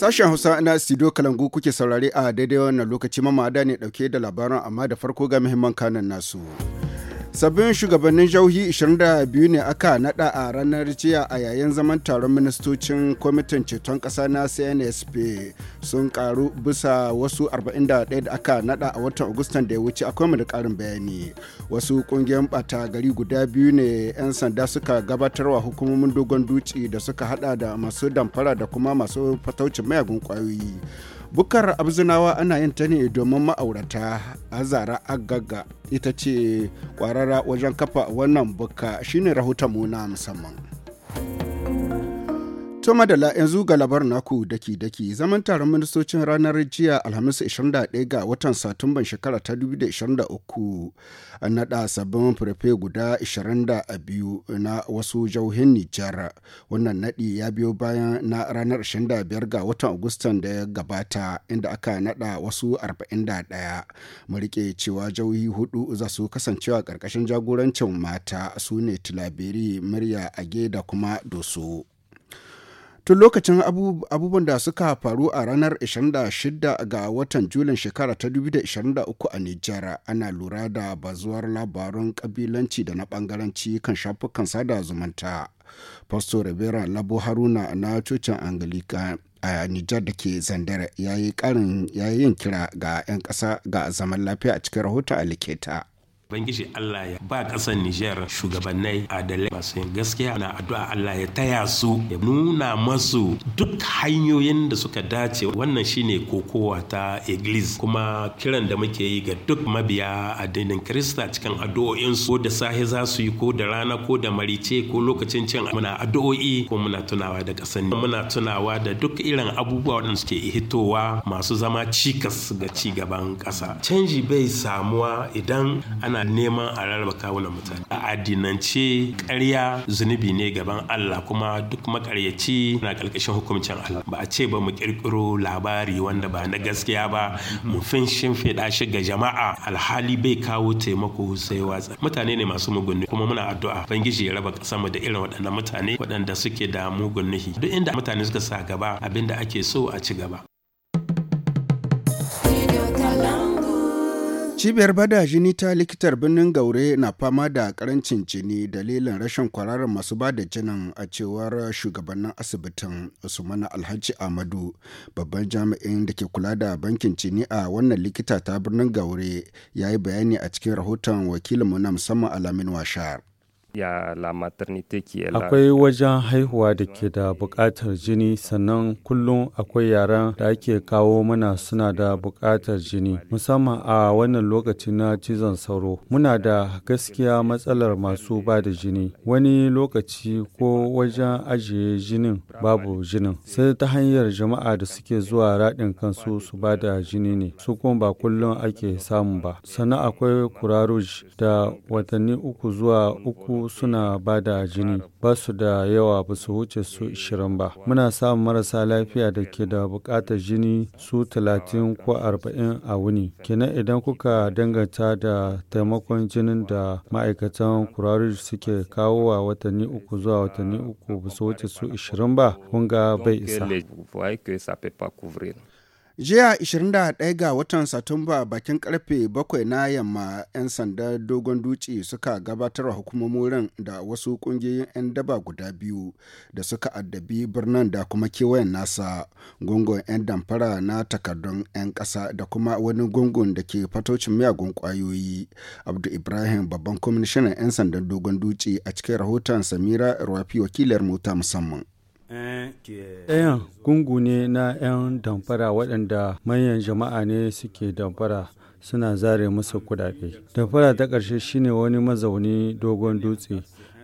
Sashen Hausa na Sido Kalangu kuke saurare a daidai wannan lokaci mamada ne dauke da labaran amma da farko ga muhimman kanan nasu. sabbin shugabannin jauhi 22 ne aka nada a ranar jiya a yayin zaman taron ministocin kwamitin ceton kasa na cnsp sun karu bisa wasu 41 da aka nada a watan agustan da ya wuce akwai mu da karin bayani wasu kungiyan bata gari guda biyu ne 'yan sanda suka gabatarwa hukumomin dogon duci da suka hada da masu damfara da kuma masu fataucin mayagun kwayoyi Bukar abzinawa ana yin ta ne domin ma'aurata azara agaga ita ce kwarara wajen kafa wannan buka shine rahoton mu na musamman. To madala yanzu ga labar naku daki-daki zaman taron ministocin ranar jiya Alhamis 21 ga watan Satumban shekara ta 2023 an naɗa sabbin furfe guda 22 na wasu jauhin Nijar. Wannan nadi ya biyo bayan na ranar 25 ga watan Agustan da ya gabata inda aka naɗa wasu 41. Mu cewa jauhi hudu za su kasancewa karkashin jagorancin mata su ne Tilaberi, Murya, Age da kuma Doso. tun lokacin abubuwan da suka faru a ranar 26 ga watan julin shekara ta 2023 a nijar ana lura da bazuwar labarun kabilanci da na bangaranci kan shafukan sada zumunta pastor rivera labo haruna na cocin anglican a Nijar da ke zandar ya yi karin kira ga 'yan ƙasa ga zaman lafiya a cikin rahoton a likita. Ubangiji Allah ya ba ƙasar niger. shugabannai adalai masu gaskiya na addu'a Allah ya taya su ya nuna masu duk hanyoyin da suka dace wannan shine kokowa ta Iglis kuma kiran da muke yi ga duk mabiya addinin Kirista cikin addu'o'insu ko da sahi za su yi ko da rana ko da marice ko lokacin cin muna addu'o'i ko muna tunawa da ƙasar muna tunawa da duk irin abubuwa waɗanda suke hitowa masu zama cikas ga ci gaban ƙasa canji bai samuwa idan ana ana neman a rarraba kawunan mutane a addinance ƙarya zunubi ne gaban Allah kuma duk makaryaci na ƙarƙashin hukuncin Allah ba a ce ba mu ƙirƙiro labari wanda ba na gaskiya ba mu fin shimfiɗa shi ga jama'a alhali bai kawo taimako sai watsa mutane ne masu mugun kuma muna addu'a bangiji ya raba ƙasarmu da irin waɗannan mutane waɗanda suke da mugun nihi duk inda mutane suka sa gaba abinda ake so a ci gaba Cibiyar bada jini ta likitar birnin Gaure na fama da karancin jini dalilin rashin kwararar masu bada jinin a cewar shugabannin asibitin Usman Alhaji Ahmadu babban jami'in da ke kula da bankin jini a wannan likita ta birnin Gaure ya yi bayani a cikin rahoton wakilinmu na musamman Alamin Washar. ya la maternité ki Akwai wajen haihuwa da ke da buƙatar jini sannan kullum akwai yaran da ake kawo mana suna da buƙatar jini musamman a wannan lokaci na cizon sauro. Muna da gaskiya matsalar masu ba da jini wani lokaci ko wajen ajiye jinin babu jinin sai ta hanyar jama'a da suke zuwa raɗin kansu su ba da jini ne su kuma ba kullum ake samu ba. Sannan akwai kuraruj da watanni uku zuwa uku suna ba da jini ba su da yawa ba su wuce su 20 ba muna samun marasa lafiya da ke da bukatar jini su 30 ko 40 a wuni kenan idan kuka danganta da taimakon jinin da ma'aikatan kurari suke kawo a watanni uku zuwa watanni uku ba su wuce su 20 ba kunga bai isa jiya 21 ga watan satumba bakin karfe 7 na yamma 'yan sanda dogon duci suka gabatar wa hukumomin da wasu kungiyoyin 'yan daba guda biyu da suka addabi birnin da kuma kewayen nasa gungun 'yan damfara na takardun 'yan ƙasa da kuma wani gungun da ke fatocin miyagun kwayoyi abdu ibrahim babban kwamishinan 'yan sandan dogon duci a cikin rahoton samira rafi wakilar mota musamman ɗayan gungu ne na 'yan damfara waɗanda manyan jama'a ne suke damfara suna zare masa kuɗaɗe damfara ta ƙarshe shine wani mazauni dogon dutse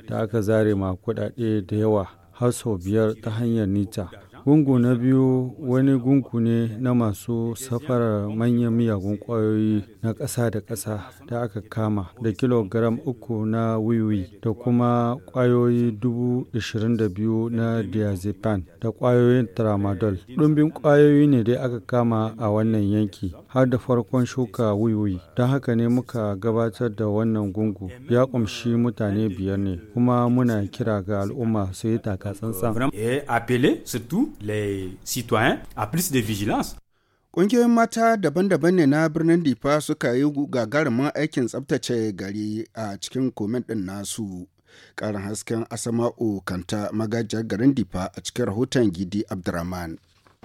da aka zare ma kuɗaɗe da yawa har sau biyar ta hanyar nita Gungu na biyu wani gungu ne na masu safarar manyan miyagun kwayoyi na ƙasa da ƙasa da aka kama da kilogram uku na wiwi da kuma kwayoyi dubu ishirin da biyu na diazepam da ƙwayoyin tramadol. Ɗumbin kwayoyi ne dai aka kama a wannan yanki har da farkon shuka wiwi. Don haka ne muka gabatar da wannan gungu ya kumshi mutane biyar ne kuma muna kira ga al'umma su yi takatsantsan. les citoyens à plus de vigilance. Ƙungiyoyin mata daban-daban ne na birnin Difa suka yi gagarumin aikin tsabtace gari a cikin komen ɗin nasu. Ƙarin hasken Asama'u Kanta magajar garin Difa a cikin rahoton Gidi Abdurrahman.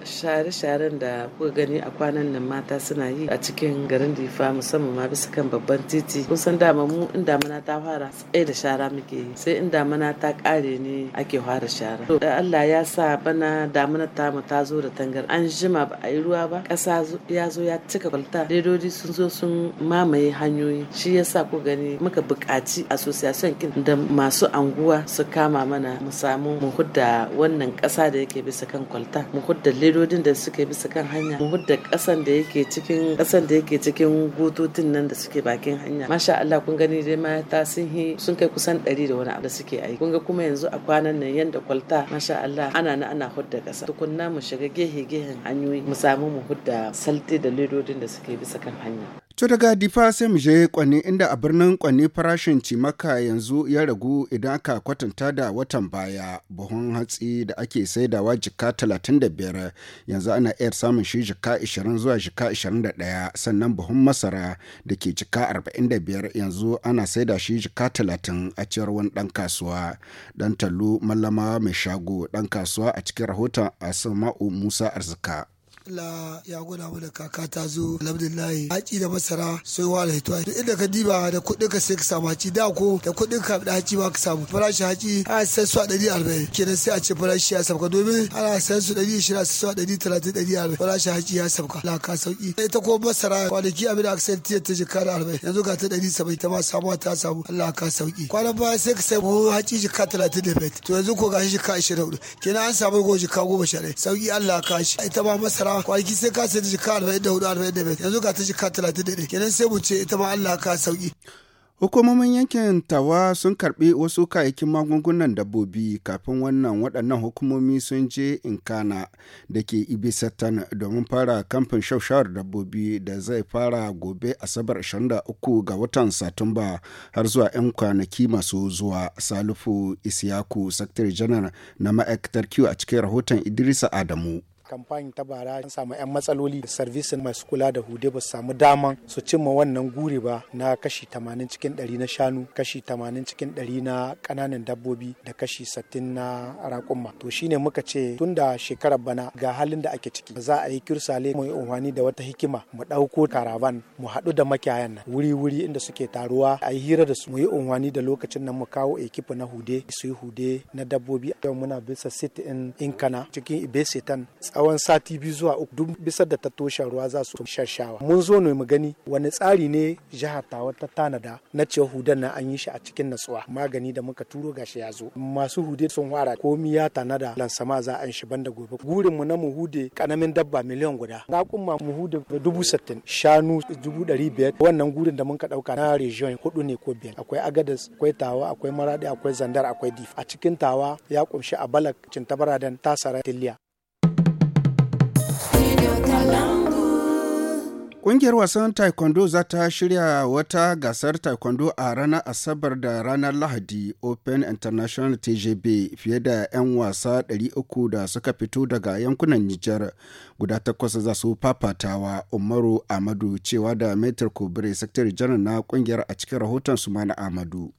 share-sharen da kuka gani a kwanan nan mata suna yi a cikin garin difa musamman ma bisa kan babban titi kun san dama mu in damana ta fara tsaye da shara muke yi sai in damana ta kare ne ake fara shara to Allah ya sa bana damana ta mu ta zo da tangar an jima ba a yi ruwa ba kasa ya zo ya cika kwalta ledodi sun zo sun mamaye hanyoyi shi yasa ku gani muka buƙaci association kin da masu anguwa su kama mana mu samu mu hudda wannan ƙasa da yake bisa kan kwalta mu hudda ledodin da suke bisa kan hanya mu hudda kasan da yake cikin kasan da yake cikin gutotin nan da suke bakin hanya masha Allah kun gani dai mata sun hi sun kai kusan 100 da wani abu da suke aiki kun ga kuma yanzu a kwanan nan yanda kwalta masha Allah ana na ana hudda kasa tukunna mu shiga gehe gehen hanyoyi mu samu mu hudda salte da ledodin da suke bisa kan hanya To daga difa sai mu je kwanne inda a birnin kwanne farashin cimaka yanzu ya ragu idan aka kwatanta da watan baya buhun hatsi da ake saidawa jika 35 yanzu ana iya samun shi jika 20 zuwa jika 21 sannan buhun masara da ke jika 45 yanzu ana saida shi jika 30 a cewar wani dan kasuwa dan tallu mallama mai shago dan kasuwa a cikin rahoton asma'u musa arzika. la ya gwada mana kaka ta zo alhamdulillahi haƙi da masara sai wa da hito duk inda ka diba da kuɗin ka sai ka samu haƙi da ko da kuɗin ka da haƙi ba ka samu farashin haƙi a sai su a ɗari arba'in kenan sai a ce farashi ya sabka domin ana sayan su ɗari ishirin su a ɗari talatin ɗari arba'in farashin haci ya sabka la ka sauki ita ko masara kwanaki abin da aka sayar tiya ta jika da arba'in yanzu ga ta ɗari saba'in ta ma samu ta samu Allah ka sauki kwanan baya sai ka samu haƙi haci jika talatin da biyar to yanzu ko gashi jika ashirin da hudu kenan an samu ko jika goma sha ɗaya sauki Allah ka shi ita ma masara masara kwanaki sai ka sai jika arba'in da hudu arba'in da yanzu ga ta jika talatin da ɗaya kenan sai mu ce ita ma Allah ka sauki. Hukumomin yankin Tawa sun karɓi wasu kayayyakin magungunan dabbobi kafin wannan waɗannan hukumomi sun je Inkana da ke Ibisatan domin fara kamfin shaushawar dabbobi da zai fara gobe Asabar 23 ga watan Satumba har zuwa 'yan kwanaki masu zuwa Salifu Isiyaku Sakatare janar na ma'aikatar kiwo a cikin rahoton Idrisa Adamu. kamfani ta bara an samu 'yan matsaloli sarvisin masu kula da hude ba su samu dama su cimma wannan guri ba na kashi 80 cikin 100 na shanu kashi 80 cikin 100 na kananan dabbobi da kashi 60 na raƙumma to shine muka ce tun da shekarar bana ga halin da ake ciki za a yi kirsale mu yi umarni da wata hikima mu ɗauko karavan mu haɗu da makiyayan nan wuri wuri inda suke taruwa a yi hira da su mu yi umarni da lokacin nan mu kawo ekipa na hude su yi hude na dabbobi yau muna bisa sit in inkana cikin ibesitan tsawon sati biyu zuwa uku duk bisa da ta toshe ruwa za su shashawa. mun zo ne mu gani wani tsari ne jihar tawa ta tanada na cewa hudan na an yi shi a cikin natsuwa magani da muka turo gashi ya zo masu hude sun fara komi ya tanada lansama za a yi shi banda gobe gurin mu na mu hude kanamin dabba miliyan guda na kuma mu hude dubu sittin shanu dubu ɗari biyar wannan gurin da muka ɗauka na region hudu ne ko biyar akwai agadas akwai tawa akwai maradi akwai zandar akwai dif a cikin tawa ya kunshi a balak cintabaradan tasara tiliya Ƙungiyar wasan Taekwondo za ta shirya wata gasar Taekwondo a ranar Asabar da ranar Lahadi Open International TJB fiye da 'yan wasa 300 da suka fito daga yankunan Nijar guda takwas za su fafatawa Umaru Amadu cewa da Metro Kobire Sakitare janar na ƙungiyar a cikin rahoton su Amadu.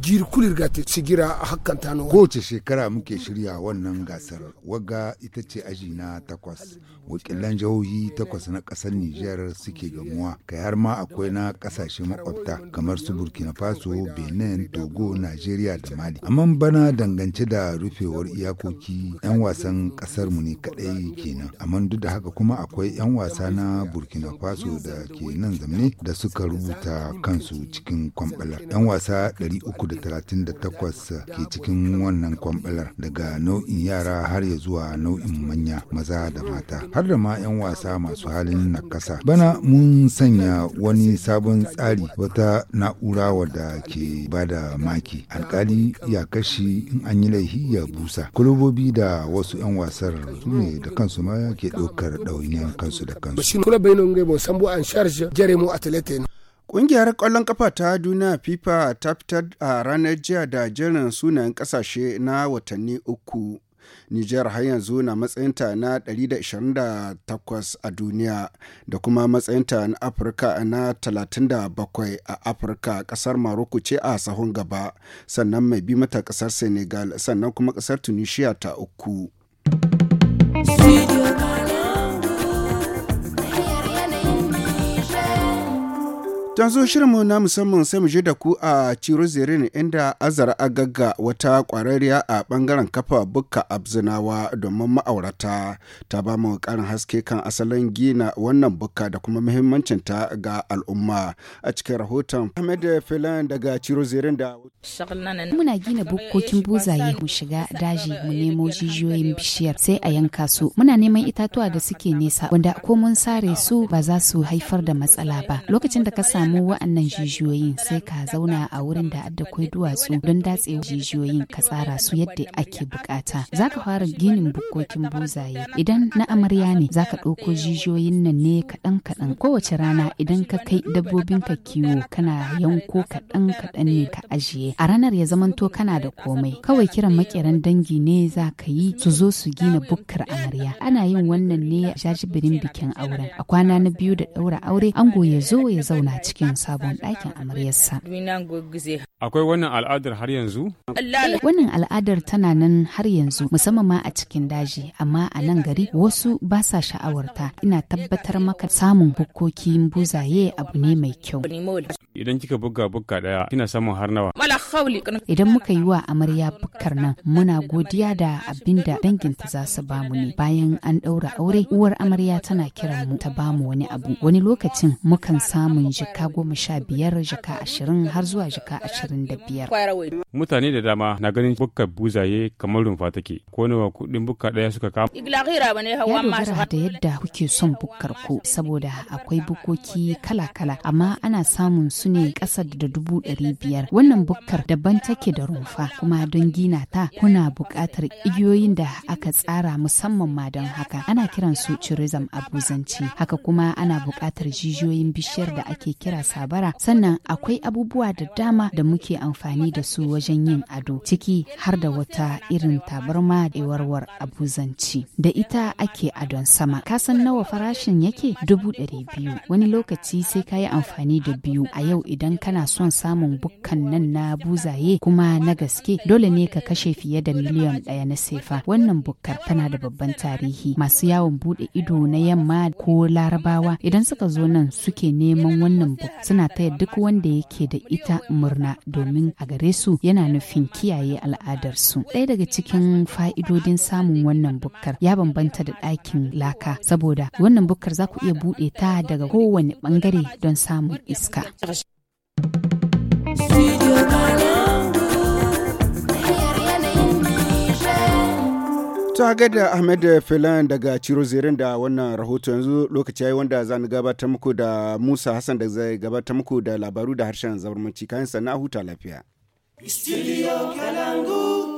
girkulir ga ta cigira a hakan ta Kowace shekara muke shirya wannan gasar waga ita ce aji na takwas wakilan jihohi takwas na ƙasar Nijar suke gamuwa kai har ma akwai na ƙasashe makwabta kamar su Burkina Faso, Benin, Togo, Najeriya da Mali. Amma bana dangance da rufewar iyakoki 'yan wasan ƙasar mu ne kaɗai kenan. Amma duk da haka kuma akwai 'yan wasa na Burkina Faso da ke nan zamne da suka rubuta kansu cikin kwamɓalar. 'Yan wasa uku. 338 ke cikin wannan kwambalar daga nau'in yara har ya zuwa nau'in manya maza da mata har da ma 'yan wasa masu halin nakasa bana mun sanya wani sabon tsari wata na'ura wadda ke ba da maki alkali ya kashi in an yi laihi ya busa kulubobi da wasu 'yan wasar su ne da kansu ma ke ɗaukar ɗawainiyar kansu da kansu. Ƙungiyar ƙwallon ƙafa ta duniya FIFA ta fitar a ranar jiya da jerin sunayen ƙasashe na watanni uku. Nijar har yanzu na matsayinta na 128 a duniya da kuma matsayinta na Afirka na 37 a Afirka ƙasar Maroko ce a sahun gaba sannan mai bi mata ƙasar Senegal sannan kuma ƙasar Tunisia ta uku. Don zo shirinmu na musamman sai mu je da ku a Ciro Zerin inda Azara a gagga wata kwararriya a bangaren kafa bukka abzinawa domin ma'aurata ta ba mu karin haske kan asalin gina wannan bukka da kuma muhimmancinta ga al'umma a cikin rahoton Ahmed Filan daga Ciro Zerin da Muna gina bukkokin buzaye mu shiga daji mu nemo jijiyoyin bishiyar sai a yanka su muna neman itatuwa da suke nesa wanda ko mun sare su ba za su haifar da matsala ba lokacin da ka samu wa'annan jijiyoyin sai ka zauna a wurin da adda kai duwatsu don datse jijiyoyin ka tsara su yadda ake bukata za ka fara ginin bukkokin buzaye idan na amarya ne za ka ɗauko jijiyoyin nan ne kaɗan kaɗan kowace rana idan ka kai dabbobin ka kiwo kana yanko kaɗan kaɗan ne ka ajiye a ranar ya zamanto kana da komai kawai kiran makeran dangi ne za ka yi su zo su gina bukkar amarya ana yin wannan ne a jajibirin bikin auren a kwana na biyu da ɗaura aure ango ya zo ya zauna cikin cikin sabon ɗakin amaryarsa. Akwai wannan al'adar har yanzu? Wannan al'adar tana nan har yanzu musamman ma a cikin daji amma a nan gari wasu ba sa sha'awarta ina tabbatar maka samun bukkokin buzaye abu ne mai kyau. Idan kika buga buga daya kina samun har nawa. Idan muka yi wa amarya bukkar nan muna godiya da abin da danginta za su bamu ne bayan an ɗaura aure uwar amarya tana kiran mu ta bamu wani abu wani lokacin mukan samun jika goma sha biyar jaka ashirin har zuwa jaka ashirin da biyar. Mutane da dama na ganin bukkar buzaye kamar rumfa take ko nawa kuɗin buka ɗaya suka kama. Ya dogara da yadda kuke son bukkar ku saboda akwai bukoki kala-kala amma ana samun su ne kasa da dubu ɗari biyar wannan bukkar daban take da rumfa kuma don gina ta kuna buƙatar igiyoyin da aka tsara musamman ma don haka ana kiran su a buzanci haka kuma ana buƙatar jijiyoyin bishiyar da ake kira marasa bara sannan akwai abubuwa da dama da muke amfani da su wajen yin ado ciki har da wata irin tabarma da warwar abuzanci da ita ake adon sama kasan nawa farashin yake dubu ɗari biyu wani lokaci sai ka yi amfani da biyu a yau idan kana son samun bukkan nan na buzaye kuma na gaske dole ne ka kashe fiye da miliyan ɗaya na sefa wannan bukkar tana da babban tarihi masu yawon bude ido na yamma ko larabawa idan suka zo nan suke neman wannan uku suna taya duk wanda yake da ita murna domin a gare su yana nufin kiyaye al'adarsu. Ɗaya daga cikin fa'idodin samun wannan bukkar ya bambanta da ɗakin laka saboda wannan bukkar za ku iya buɗe ta daga kowane ɓangare don samun iska. ta gada ahmed filan daga ciro zirin da wannan rahoto yanzu lokaci ya yi wanda za ni gabatar muku da musa hassan da zai gabatar muku da labaru da harshen zamanci kayan sana'a huta lafiya. Studio Kalangu.